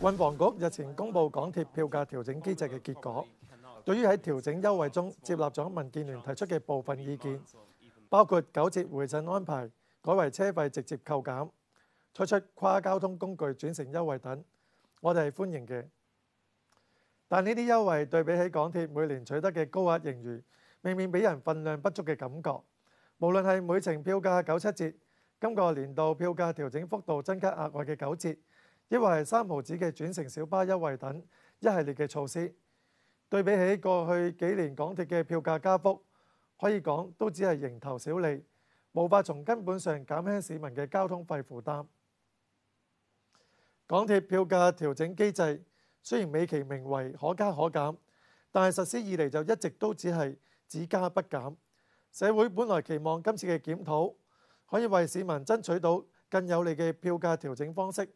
運房局日前公布港鐵票價調整機制嘅結果，對於喺調整優惠中接納咗民建聯提出嘅部分意見，包括九折回贈安排改為車費直接扣減、推出跨交通工具轉乘優惠等，我哋係歡迎嘅。但呢啲優惠對比起港鐵每年取得嘅高額盈餘，未免俾人份量不足嘅感覺。無論係每程票價九七折、今個年度票價調整幅度增加額外嘅九折，抑或係三毫子嘅轉乘小巴優惠等一系列嘅措施，對比起過去幾年港鐵嘅票價加幅，可以講都只係蠅頭小利，無法從根本上減輕市民嘅交通費負擔。港鐵票價調整機制雖然美其名為可加可減，但係實施以嚟就一直都只係只加不減。社會本來期望今次嘅檢討可以為市民爭取到更有利嘅票價調整方式。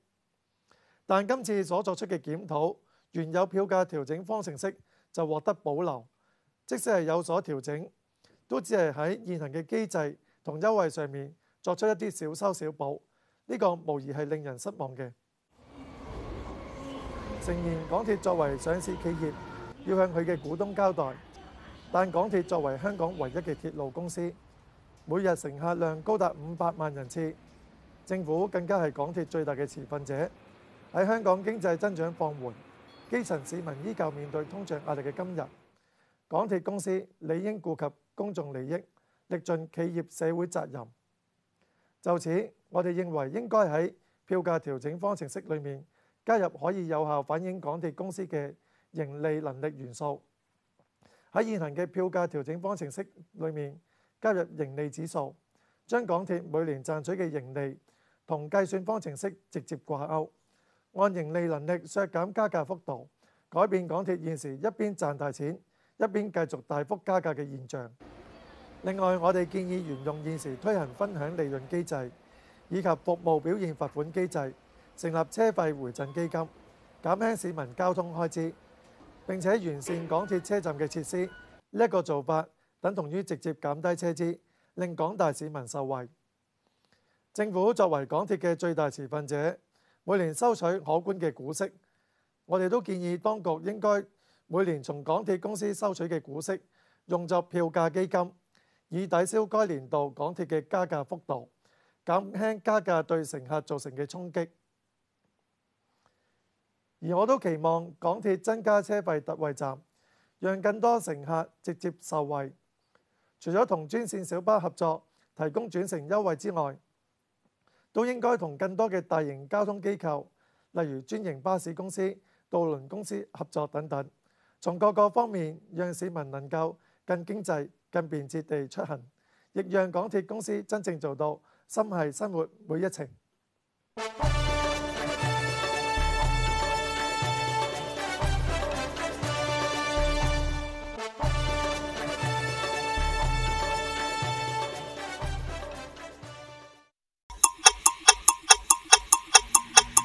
但今次所作出嘅檢討，原有票價調整方程式就獲得保留，即使係有所調整，都只係喺現行嘅機制同優惠上面作出一啲小修小補。呢、這個無疑係令人失望嘅。誠然港鐵作為上市企業，要向佢嘅股東交代，但港鐵作為香港唯一嘅鐵路公司，每日乘客量高達五百萬人次，政府更加係港鐵最大嘅持份者。喺香港經濟增長放緩、基層市民依舊面對通脹壓力嘅今日，港鐵公司理應顧及公眾利益，力盡企業社會責任。就此，我哋認為應該喺票價調整方程式裏面加入可以有效反映港鐵公司嘅盈利能力元素。喺現行嘅票價調整方程式裏面加入盈利指數，將港鐵每年賺取嘅盈利同計算方程式直接掛鈎。按盈利能力削減加價幅度，改變港鐵現時一邊賺大錢，一邊繼續大幅加價嘅現象。另外，我哋建議沿用現時推行分享利潤機制，以及服務表現罰款機制，成立車費回贈基金，減輕市民交通開支，並且完善港鐵車站嘅設施，呢一個做法等同於直接減低車資，令廣大市民受惠。政府作為港鐵嘅最大持份者，每年收取可觀嘅股息，我哋都建議當局應該每年從港鐵公司收取嘅股息用作票價基金，以抵消該年度港鐵嘅加價幅度，減輕加價對乘客造成嘅衝擊。而我都期望港鐵增加車費特惠站，讓更多乘客直接受惠。除咗同專線小巴合作提供轉乘優惠之外，都應該同更多嘅大型交通機構，例如專營巴士公司、渡輪公司合作等等，從各個方面讓市民能夠更經濟、更便捷地出行，亦讓港鐵公司真正做到心繫生活每一程。